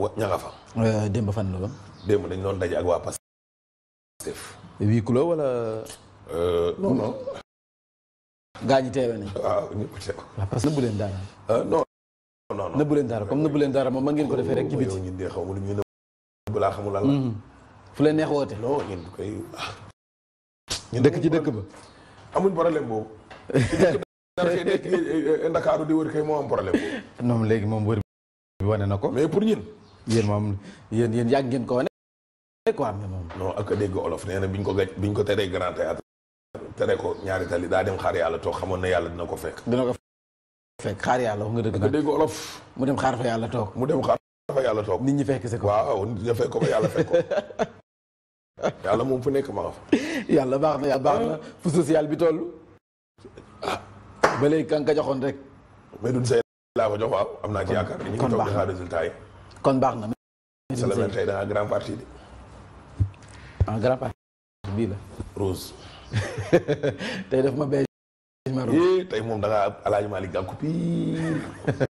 wa ña fa. Euh, démb fan la woon. démb dañu doon ak waa Pastef. Euh, huis clos wala. Euh, non non. gaa ñi teewe nañ. waaw ah, ñëpp ah, parce que nëbbu leen dara. Ah, non non non. nëbbu leen dara comme nëbbu leen dara moom man ngeen ko defee rek ci biti. ñun de xaw ma laa xamul lan mm-hmm. fu leen neex woote. non ñun koy. ñu dëkk ci dëkk ba. amuñ problème boobu. Eh, eh, eh, Ndakaaru di moo am problème boobu. léegi moom wër bi wane na ko. mais pour ñun. yéen moom yéen yéen yàgg ngeen ko wane quoi mais moom non ak dégg olof nee na biñ ko gaj biñ ko teree grand théâtre tere ko ñaari tali daa dem xaar yàlla toog xamoon na yàlla dina ko fekk dina ko fekk xaar yàlla wax nga dëgg nag dégg mu dem xaar fa yàlla toog mu dem xaar fa yàlla toog nit ñi fekk si ko waaw nit ñi fekk ko ba yàlla fekk yàlla moom fu nekk ma nga fa yàlla baax na yàlla baax na fu social bi toll ah. ba léegi kan ka joxoon rek mais duñ say laa ko jox waaw am naa ci yaakaar ni ñu ngi toog yi kon baax na. monsieur le maire tey da grand parti de. en ah, grand parti bii tey ma béy. yee eh, tey moom da ngaa Alaaji Malick Gakou pire.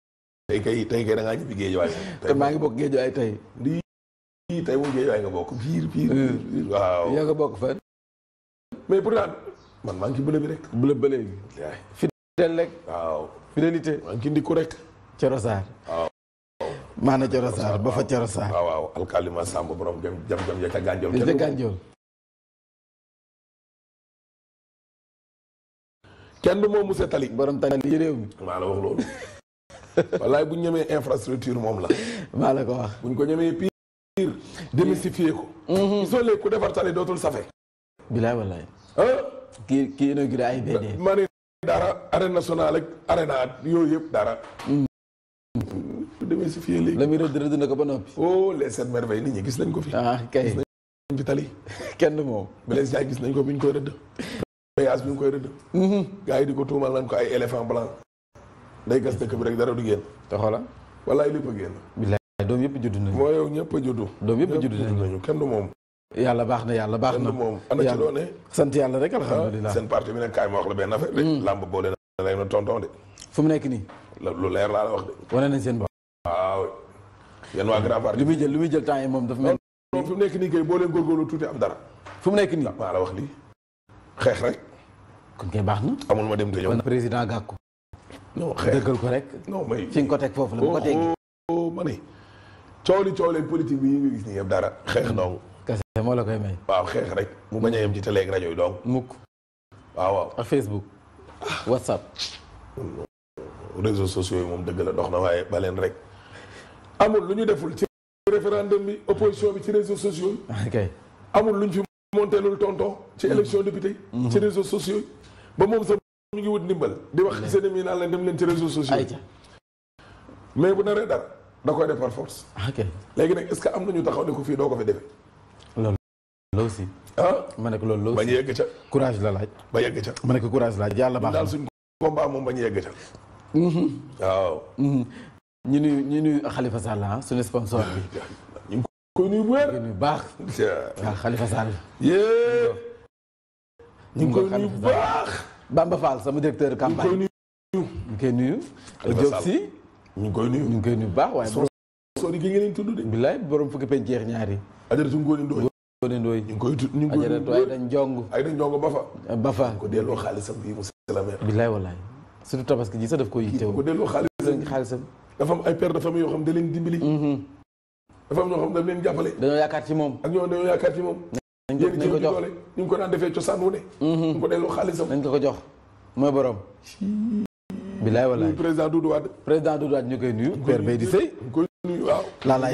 tey kay tey kay da ngaa ñibbi géej waay. kon maa ngi bokk géej waay tey. tey moom géej waay nga bokk pire pire. Hmm. waaw yaa nga bokk fan. mais pourtant man maa ngi ci bële bi rek. bële bële bi. fidèle rek. waaw fidélité. maa ngi ci ndikku rek. Coro Sarr maana Coro Sarr ba fa Coro kenn du moom monsieur Tali borom tali yi mi maa la wax loolu wallaay bu ñu infrastructure moom la maa la ko wax bu ko ñemee pire démystifier ko mhm. defar tali dootul safe bilaay wallaay kii kii inauguré ay BD maa ne dara arène nationale ak arène yooyu yëpp dara mm. démystifié léegi. la muy rëdd rëdd na ko ba noppi. oh les sept merveilles nit ñi gis nañ ko fi. ah kay gis nañ fi tali. kenn moom. Blaise Diagne gis nañ ko bi ñu koy rëdd. voyage bi ñu koy rëdd. gars yi di ko tuumal nañ ko ay éléphant blanc. day gas dëkk bi rek dara du génn. te xoolal. walaay lépp a yëpp juddu nañu. a doom yëpp juddu nañu kenn moom. yàlla baax na yàlla baax na sant yàlla rek alhamdulilah ah, seen parti bi nag kaay ma wax la benn affaire de mm. làmb boole na rek na de fu waaw yen waa Grand Parti. lu muy jël li temps moom dafa mel. non fi mu nekk nii kay boo leen góorgóorlu tuuti am dara. fu mu nekk nii maa la wax lii. xeex rek. kon baax na. amul ma dem te ñëw. président Gakou. non xeex dëggal ko rek. non nga ko teg foofu la bu ko teggee. Oh, oh, ma ne. coow li coow leen politique bi ñu gis nii yëpp dara xeex dong. kese moo la koy may. waaw xeex rek. mu bañ a yem ci télé ak rajo yi dong. mukk waaw waaw ak Facebook. Ah. whatsapp. réseaux sociaux yi moom dëgg la dox na waaye baleen rek. amul lu ñu deful ci référendum bi opposition bi ci réseaux sociaux yi amul lu ñu fi monteelul tonton ci élection député ci réseaux sociaux yi ba moom sax ñu ngi wut ndimbal di wax seen mi naan leen dem leen ci réseaux sociaux mais bu naree dara da koy def par force léegi nag est-ce que am nañu taxaw ne ko fii doo ko fi defee loolu la aussi ah ma nekk ko loolu la aussi bañ yegg ca courage la laaj ba yegg ca ma ne ko courage laaj yàlla baax daal suñ combat moom bañ ñu nuyu ñu nuyu Khalifa Sall ah suñu sponsor bi. ñu ngi koy nuyu bu baax. waaw ah, Khalifa Sall. yéen. ñu ngi koy nuyu bu baax. Bamba Fall sama directeur campagne. ñu ngi koy nuyu. ñu ngi koy nuyu. Diop si. ñu ngi koy nuyu ñu ngi koy nuyu bu baax waaye. sponsor yi gi ngeen leen tudd de. bilaay borom fukki penc yeex ñaari. Ajaratu Ngóone Ndoye. Ngóone ñu ngi koy tudd ñu ngi koy nuyu Ajaratu Ayda Njong. Ayda Njong Bafa. Bafa ko delloo xaalisam bi mu salaamee. bilaay walaay surtout tabaski ji sax def koy yitteewoo. ko delloo xaalisam dafa am ay pères de famille yoo xam da leen dimbali. Mhm. dafa am ñoo xam da leen jàppale. dañoo yaakaar ci moom. ak ñoo dañoo yaakaar ci moom. nañ ko ko jox ñu ko daan defee cosaan wu ne. Mhm. ñu ko delloo xaalisam. nañ ko ko jox mooy borom. bilaay walaay président Doudou Wade. président Doudou Wade ñu koy nuyu. père Baye di Sey. ñu koy nuyu waaw. Lalla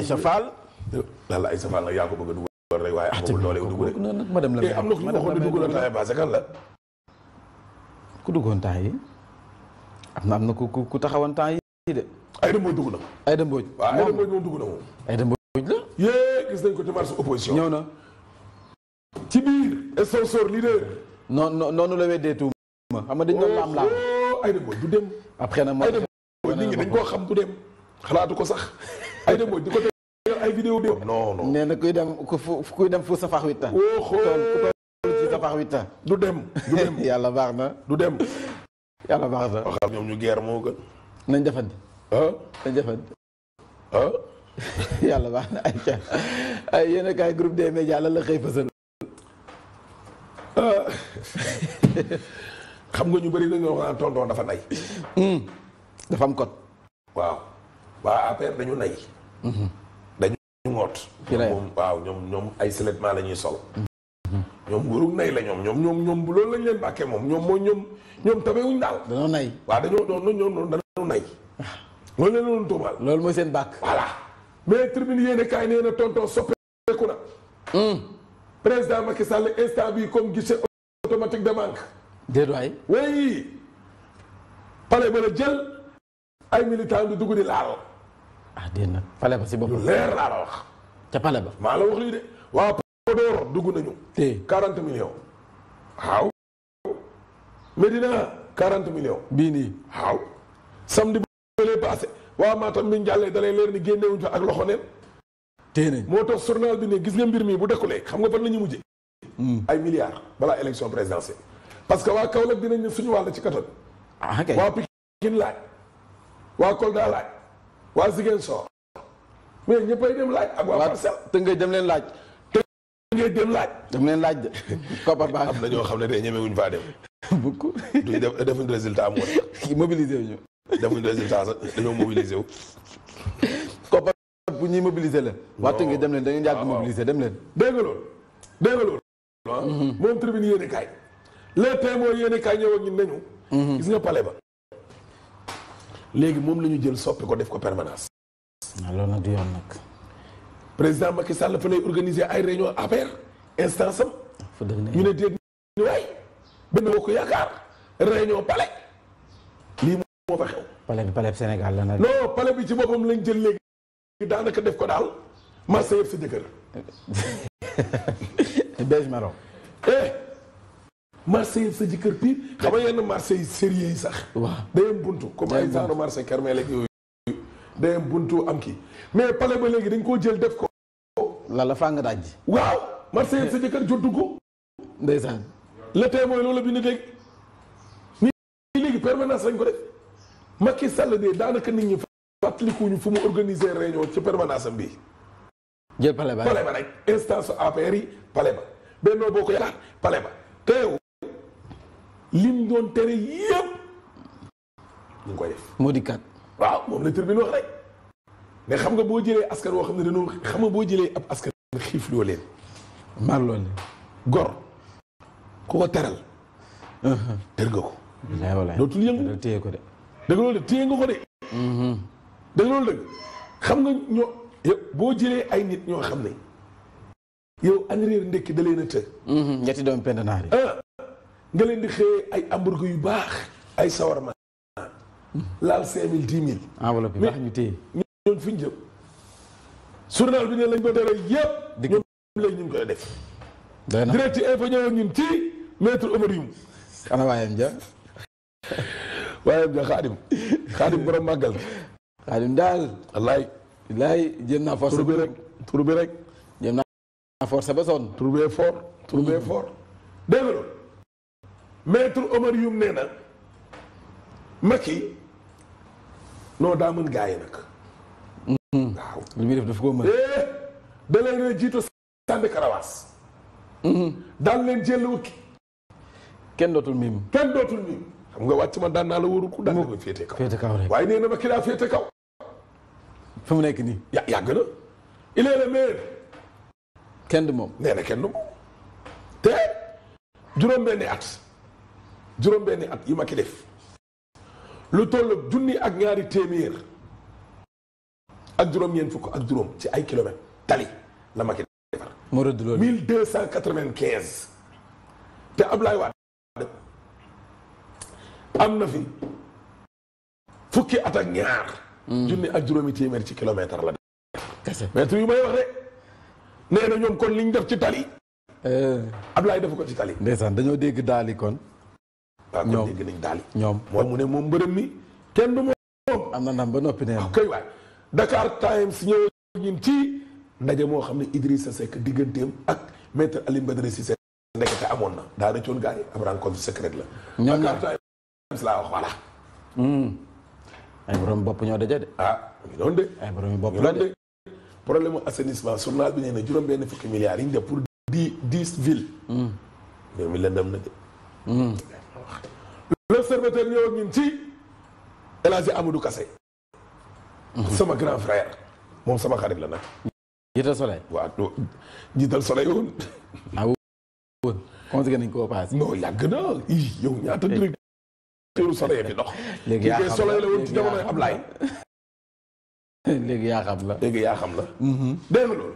Aïcha nag yaa ko bëgg a dugal rek waaye amagul doole dugg rek. madame la eh, am na ku ñu waxoon ne dugg na taay passé la. ku duggoon temps yi am na am na ku ku taxawoon yi de. Aïda Mbodj dugg na. Aïda Mbodj waaw dugg na ay Aïda Mbodj la. yee nañ ko ci marche opposition. ñëw na. ci biir sponsor leader. non non noonu la weddee tuuma. xam nga dañu doon oh, laam laam. Oh, Aïda Mbodj du dem. après nag Aïda Mbodj nit dañ koo xam du dem. xalaatu ko sax. Aïda Mbodj di ko kuy dem kuy dem fu sa fax huit ans. ci du dem du dem yàlla baax na. du dem. yàlla baax na. waxal ñoom ñu geer moo gën. nañ defandi. ah na jëfand. ah. yàlla baax na ay yéen a kaay groupe des la xëy fësal. Ah. xam nga ñu bëri dañoo wax naan tonton dafa nay. Hmm. dafa am code. waaw waa APR dañu nay. Hmm. dañu ngoot. moom waaw ñoom ñoom ay seulement la ñuy sol. Hmm. ñoom nguurug nay la ñoom ñoom ñoom ñoom loolu lañ leen bàkkee moom ñoom mooy ñoom ñoom tabewuñ daal. dañoo nay waaw dañoo doon ñoom nay. Ah. loolu la doon loolu mooy seen bàkk. voilà mais tribune yéen a na tonton soppeeku na. Hmm. président Macky Sall instant bi de banque. déedéet waay. ay militant du dugg ah, si boppam. lu leer laa la wax. ca pale ba. maa la wax lii de waa Podor dugg nañu. tey 40 millions. waaw. Medina 40 millions. bii nii waaw. samedi. bële passé waa Matam bi ñu jàllee da lay leer ni génnewuñ fa ak loxo neen tey moo tax journal bi ne gis nga mbir mi bu dekkulee xam nga fan la ñu mujjee hmm. ay milliards balaa élection présidentielle parce que waa Kaolack dinañ ne suñu wàll ci katon ah, waa Pikine laaj waa Kolda laaj waa Ziguinchor mais ñëppay dem laaj ak waa Parcelles te ngay dem leen laaj te ngay dem laaj dem leen laaj de koppar baa am na ñoo xam ne de ñemewuñ faa dem beaucoup duñ def defuñ résultat am defuñu deuxième chance dañoo mobiliser wu. COPACEL bu ñuy mobiliser la. waaw waaw waaw dem leen da ngeen yàgg mobiliser dem leen. dégg nga loolu dégg nga loolu. ah mm-hmm. moom tribune yéene kaay. les témoins yéene kaay ñëw ak mm-hmm. léegi moom la ñu jël soppi ko def ko permanence. waaw ah, loolu nag du yoon nag. président Macky Sall fa lay ay réunion APR instance am. ñu ne déet ñu waay benn bokk yaakaar réunion palais. moo fa xew. palais bi palais Sénégal la nag. non palais bi ci boppam lañ jël léegi daanaka def ko daal marché yëpp sa jëkkër. beige marron. eh marché yëpp sa jëkkër pire xam nga yenn marché sérieux yi sax. waaw day am buntu comme ay genre marché Kermel ak yooyu. day am buntu am kii mais palais ba léegi dañ koo jël def ko. lala faa nga daaj. waaw marché yëpp sa jëkkër jottu ko. ndeysaan. le mooy loolu la bind dégg. nii léegi permanence lañ Macky Sall de daanaka nit ñi fàttalikuñu fu mu organiser réunion ci permanence am bi jël pale ba pale ba rek instance yi pale pale ba teew lim doon tere yëpp ñu ngi koy def moo di waaw moom la tribune wax rek mais xam nga boo jëlee askan woo xam ne dañoo xam nga boo jëlee ab askan xiif loo leen maar loo leen gor ku ko teral uh-huh. tër nga ko dootul yëngu téye ko de dëgg loolu de ko de. Mm-hmm. dëgg xam nga ñoo boo jëlee ay nit ñoo xam ne yow añ réer ndekki da leen a të. Mm-hmm. ñetti doomu pend yi. Ah, nga leen di xëyee ay hamburger yu baax ay sawarma. laal cinq mille dix mille. enveloppe bi baax ñu téye. ñoon fi ñu jëm. journal bi ne lañ ko tere yëpp. ñoom léegi ñu koy def. day na direct info ñëwoon ñun ci maître Oumar Youm. ana ja waaye xaadim xaadim borom màggal. xaadim daal. wallaay. wallaay jéem naa force. tur bi rek tur bi rek. jéem naa force ba sonn. tur bee fort tur bee mm. fort. Mm. def daf koo mën. Eh, da leen a jiitu sànni karawaas. Mm-hmm. daal wukki. kenn dootul miim. kenn dootul miim. xam nga wàcc ma daan naa la wóorul ku daan na ma féete kaw féete kaw rek waaye nee ma ki daa féete kaw. fi mu nekk nii. ya yàgg na il kenn du moom nee na kenn du moom. te juróom-benni at juróom-benni at yi ma ki def lu toll ak junni ak ñaari téeméer ak juróom-ñeent fukk ak juróom ci ay kilomètres tali la ma ki defar. moo rëdd loolu 1295 te Ablaye Wade. am na fi fukki at ak ñaar. junni ak juróomi téeméer ci kilomètre la def. mètre yu may wax de nee na ñoom kon li ñu def ci tali. Euh. Ablaye def ko ci tali. ndeysaan dañoo dégg daali kon. ñoom waaw kon ñoom mu ne moom mbërëm mi kenn du moom. am na nam ba noppi nee na kay waay Dakar Times ñëw ñun ci ndaje moo xam ne Idrissa Seck digganteem ak maître Alioune Badara Cissé ndekete amoon na daana coon gars yi am rencontre secrète la. ñoom laa wax voilà. Hmm. ay borom bopp ñoo daje de. ah ñu doon de. ay borom bopp ñoo de. problème mu assainissement journal bi nee na juróom-benn fukki milliards yi ñu def pour dix dix villes. mbir hmm. mi na de. Hmm. l'observateur ñëw ak ñun ci El Hadj Amadou Kassé. sama grand frère. moom sama xarit la jiital soleil. waaw jiital soleil woon. ah woon. conseillé nañ koo paase. non yàgg na yow ñaata eh. direct. teeru soleil fi dox. léegi yaa xam la woon ci jamonoy léegi yaa xam la léegi xam la. Mm-hmm. dégg nga loolu.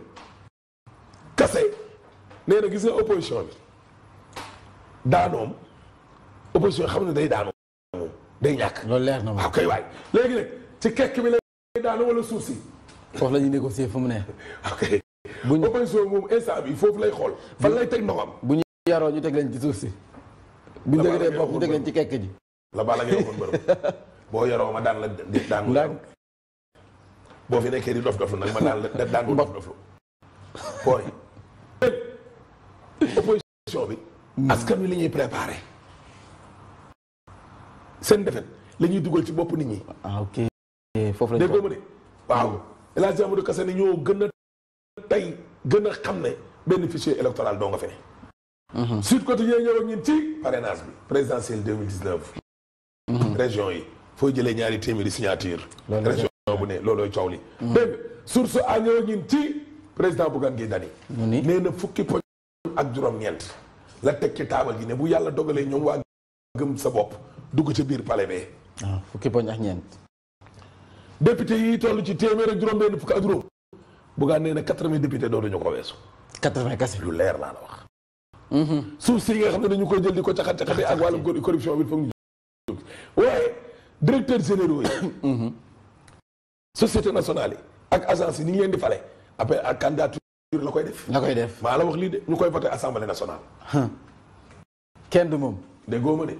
kase nee gis nga opposition bi daanoom opposition xam ne day daanoo moom day ñàkk. loolu leer na ma ah, léegi nag ci kekk bi lay daanu wala suuf si. foofu la ñuy négocier fu mu ne. ok bu ñu opposition moom instant foofu lay xool. fan lay teg ndoxam. bu ñu yaroo ñu teg leen ci suuf si. bu ñu dëgëree bopp ñu teg leen ci kekk ji. la Balla Gaye waxoon bërëb boo yaroo ma daan la daan la boo fi nekkee di dof doflu nag ma daan la daan ko dof doflu booy opposition bi hmm. askan bi la ñuy préparé seen defet la ñuy dugal ci boppu nit ñi ah ok foofu lañ dégg ma de waaw El Hadj Amadou Kassé ñoo gën a tey gën a xam ne benn fichier électoral doo nga fene hmm. Sud Quotidien ñëw ak ci parrainage bi présidentielle 2019 Mm. région yi foo jëlee ñaari téeméeri signature région bu ne loolooy coow li dégg source a ñëw ñin ci président Bougane Gueye mu ni na fukki poñ ak juróom-ñeent la teg ci taabal ji ne bu yàlla dogalee ñoom waa gëm sa bopp dugg ci biir palais bee ah, fukki poñ ak ñeent député yi toll ci téeméer ak juróom benn fukk ak juróom Bougane nee na quatre-vingts député dootuñu ko weesu quatre-vingts kese lu leer laa la wax mm-hmm. suuf si nga xam ne dañu koy jël di ko caxat waaye directeur généraux yi. société nationale ak agence yi ni ñu leen di fale appel ak candidature la koy def. koy def maa wax lii de ñu koy voté assemblée nationale. kenn moom. déggoo ma de.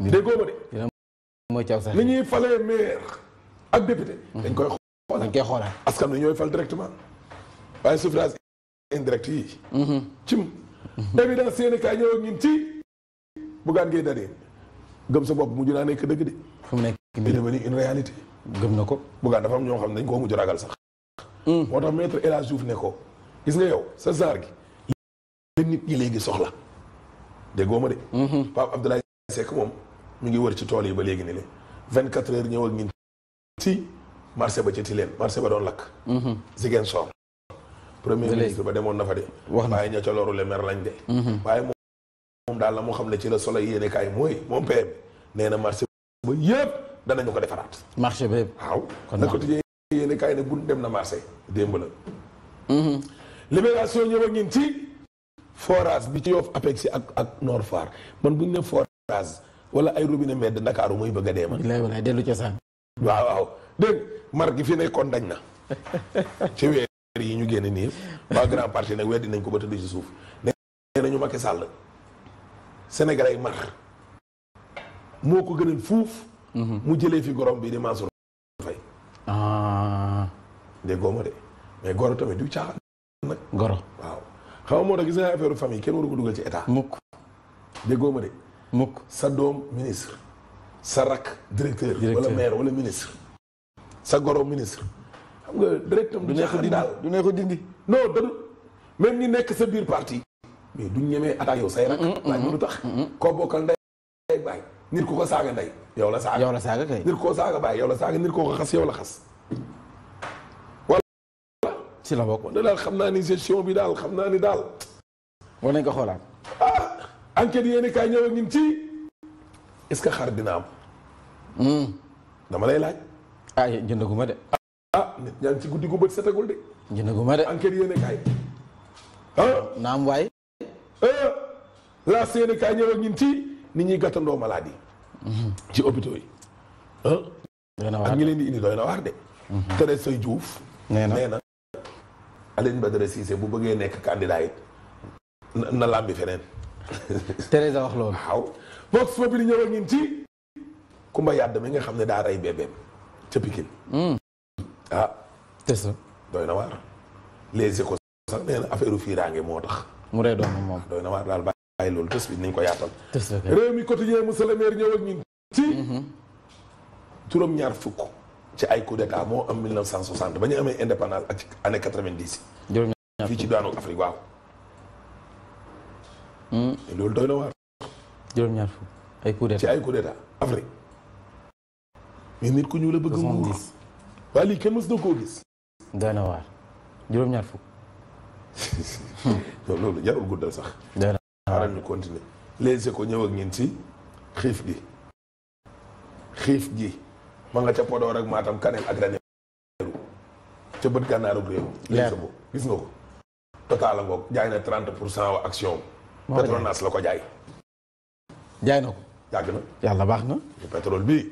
déggoo mooy caaw sax ni ñuy falee ak député. dañ koy xoolal askan wi ñooy fal directement waaye suffrage indirect yi. cim. évidence seen i kaay ñëw ak ñun ci. Bougane Gueye gëm sa bopp mujj naa nekk dëgg de. fu mu nekk nii devenu gëm na ko. Bougane dafa am ñoo xam ne dañ koo mujj ragal sax. Hmm. moo tax maître El Hadj Diouf ne ko gis nga yow sa genre gi. la nit léegi soxla. déggoo ma de. Hmm. Pape Abdoulaye Seck moom mu ngi wër ci tool yi ba léegi ne leen vingt quatre heures ñëw ak ñun. marché ba ci Tilène marché ba doon lakk. Hmm. Ziguinchor. premier ministre ba demoon na de. wax na waaye ña le mer lañ de. moom daal la moo xam ne ci la solo yéene kaay mooy moom PM nee na marché ba yëpp danañu ko defaraat. marché ba yëpp waaw. kon na ko tijjee yéene ne bu dem na marché démb la. ma mhm. ñëw ak ci forage bi ci Yoff APEX ak ak Nord Foire man bu ne forage wala ay robinet medd Ndakaaru mooy dellu cosaan. waaw waaw dégg nekkoon dañ na. ci weer yi ñu génne nii waa grand parti nag weer dinañ ko ba tëdd ci suuf nee nañu Macky Sall. Sénégal ay mar moo ko gënal fuuf. Mhm. mu jëlee fi gorom bii di Mansour Faye. Ah. ma de mais goro du caaxaan nag. goro waaw xam nga moo tax gis nga affaire famille kenn waru ko dugal ci état. mukk déggoo ma de. mukk sa doom ministre. sa rak directeur. wala maire wala ministre. sa goro ministre. xam nga directeur du neex a dindi daal du neex dindi. non da même ñi nekk sa biir parti. mais duñ ñemee attaque yow say rak laaj ma lu baay nit ku ko saaga ndey yow la saaga la saaga kay nit koo saaga baay yow la saaga nit koo ko xas yow la xas wala ci la bokk da daal xam naa ni gestion bi daal xam naa ni daal war nañ ko xoolaat ah enquête yéeni kaay ci est-ce xar dina am hmm. dama lay laaj ah jëndaguma de ah nit ñaa ngi ci guddi gu bët setagul de jëndaguma de enquête yéeni kaay ah waay la séeni kaay ñëw ak ñun ci nit ñuy gàttandoo maladie ci hôpitaux yi ak leen di indi doy na de de mhm. Thérèse Sey Diouf nee na Aline Badara Cissé bu bëggee nekk candidat it na làmbi feneen Thérèse wax loolu waaw Vox Populi ñëw ak ñun ci Kumba Yàdd mi nga xam ne daa rey bébéem ca Pikine hmm. ah te doy na waar les échos sax nee na fiiraange moo tax mu rey doomam moom doy na waar daal waaye loolu te bi nañ ko yaatal. réew mi quotidien monsieur le maire ci mm-hmm. juróom-ñaar fukk ci ay coup d'état moo am ba ñu amee indépendance ak ci année 90. juróom-ñaar ci daanu Afrique waaw. Mm. loolu doy fukk ay coup ci ay coup d'état Afrique. mais nit ku ñu la bëgg nguur. waaye lii kenn mës na koo gis. juróom-ñaar fukk. loolu jarul guddal sax. xaaral ñu continuer les échos ñëw ak ñin si xiif gi xiif gi ma nga ca Podor ak Matam Kanel ak Ranérou ca bët gànnaaru réew boo échos gis nga ko total ngoog jaay na 30 pour cent wa action Petronas la ko jaay jaay na ko na yàlla baax na pétrole bii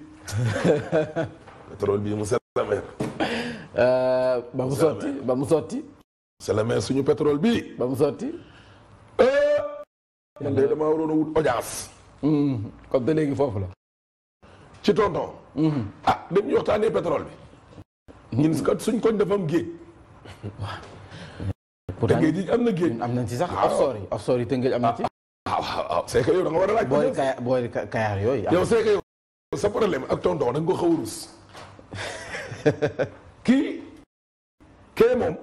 pétrole bii mu le euh, ba mu sotti ba mu sotti monsieur le maire suñu pétrole bii ba mu sotti man de damaa waroon a wut audience. Hmm. kon de léegi foofu la. ci tonton. Hmm. ah dañuy waxtaanee pétrole bi. ñun hmm. suñ koñ dafa am géej. pourtant géej yi am na géej. am nañ ci sax offshore yi offshore yi tëngéej am na ci. ah waaw ah, ah, ah, c'est que yow da war a laaj. boori Kaya Kayaar yooyu. yow c'est que yow sa problème ak tonton da ko xaw a rus. kii. kee moom.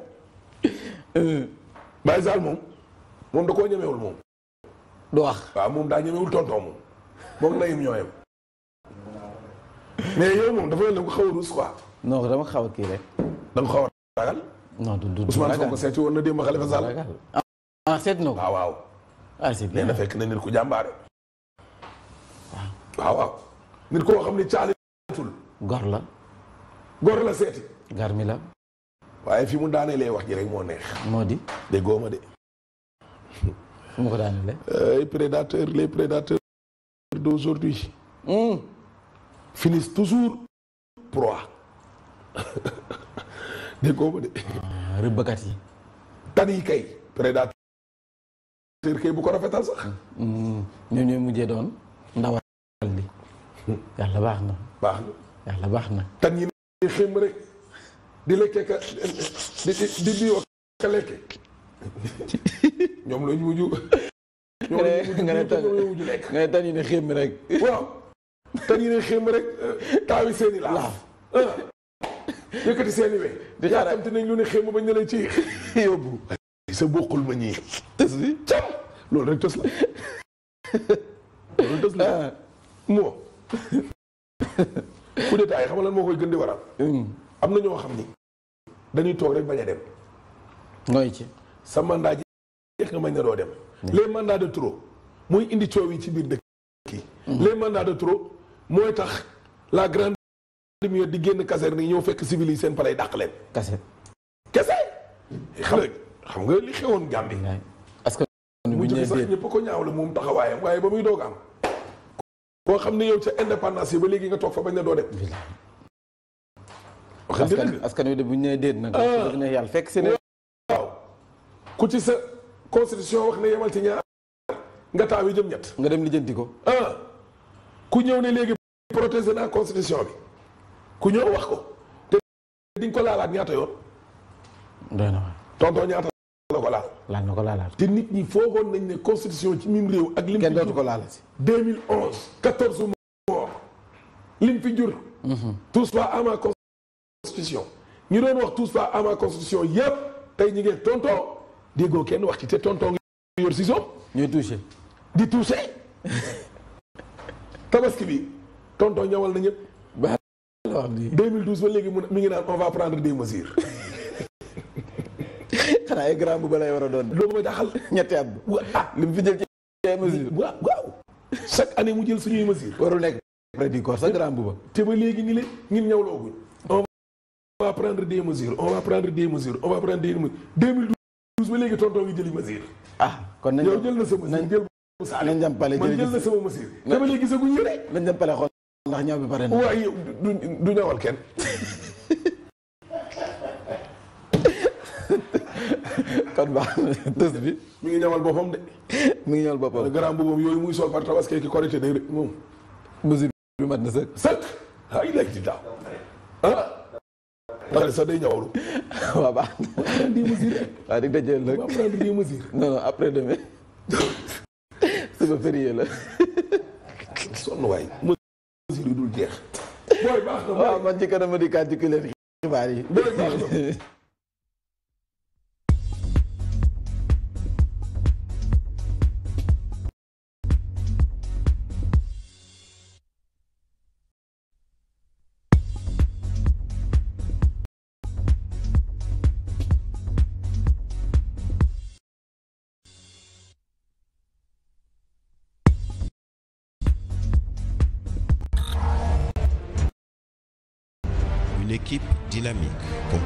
Euh. Baye Sall moom moom da koo ñemewul moom. du wax. waaw moom daa ñemewul tonton moom moom nayim ñoo mais yow moom dafa mel ne xaw a ruus quoi. non dama xaw a kii rek. da nga xaw a ragal. du du Ousmane Sonko seeti woon na démb Khalifa Sall. Ah, seet na ko waaw ah, waaw. ah c'est fekk na nit ku jàmbaare. Ah. waaw waaw waaw. koo xam ne caaleetul. gor la. gor la seeti. gar mi la. waaye fi mu lay wax ji rek moo neex. moo di. de góoma de. mu ko daanelee. les prédateurs les prédateurs d'aujourd'hui mmh. finissent toujours proie dégg nga ko de. rëbbkat yi. tan yi kay. prédateur kay bu ko rafetal sax. ñoom mujjee doon ndawal yàlla baax na. baax na yàlla baax na. tan yi ne rek di lekke ka di di di di wax ka lekke. ñoom lañ mujj. ñoom lañ mujj lekk nga ne tan yi ne xéem rek. tan yi ne xéem rek euh, taawi seeni la ah. yëkkati seeni we. di xaaral nañ lu ne xéem bañ ne la ci yóbbu. sa bokkul ma ñi tës li cam loolu rek tos la. loolu tos la ah. moo. coup d'état moo koy gën di waral. Hmm. am na ñoo xam ni. dañuy toog rek bañ a dem. nooy ci. sa mandat jeex nga mañ ne doo dem lee mandats de trop muy indi coow ci biir dëkk yi les mandats de trop mooy tax la grande demi-heure di génn caserne yi ñëw fekk civil yi seen palay dàq leen kese kese xam xam nga li xewoon Gambie mu jëkk sax ñëpp ko ñaaw la moom taxawaayam waaye ba muy doog am koo xam ne yow ca indépendance yi ba léegi nga toog fa bañ na doo dem askan wi de bu ñu nee déet nag. Ah. dëgg na yàlla fekk si waaw ku ci sa constitution wax na yemal ci ñaar nga taaw jëm ñett. nga dem lijjanti ko. ah ku ñëw ne léegi protéger naa constitution bi ku ñëw wax ko te di ko laalaat ñaata yoon. doy na waay tonton ñaata la ko laal. laal na ko laalaat. te nit ñi foogoon nañ ne constitution ci mim réew. ak lim fi jur kenn dootu ko laal si. 2011 14 morts lim fi jur. Mhm. tous pas ama constitution. ñu doon wax tous pas ama constitution yëpp tey ñu ngi tontoo. déggoo kenn wax ci te tonton ngi yor si soom ñuy touché di touché tabaski bi tonton ñawal na ñëpp. ba wax ni 2012 ba léegi mu mi ngi naan on va prendre des mesures. xanaa ay grand bu ba lay war a doon. loolu ma jaaxal ñetti at. ah li mu fi jël ci ay mesures. waaw waaw chaque année mu jël suñuy mesures. warul nekk après di ko sax grand bu ba. te ba léegi ni leen ñun ñawlooguñ. on va prendre des mesures on va prendre des mesures on va prendre des mesures 2012. ba léegi tonton ngi jëli mesure. ah kon nañ yow jël na sa mesure jël bu saale. nañ dem pale man jël na sama mesure. dama lay gisaguñ yére. nañ dem pale xool ndax ñaw bi pare na. waaye du du ñawal kenn. kon baax na tës bi. mi ngi ñawal boppam de. mi ngi ñawal boppam. grand boubou yooyu muy sol par tabaski ki korité de moom. mesure bi mat na sëkk. sëkk ay léegi ci daaw ah. pare sax day ñawaru. di nga jël nag après demain. suba férié la. waaw man ci kanam di calculer xibaar yi. équipe dynamique. Pour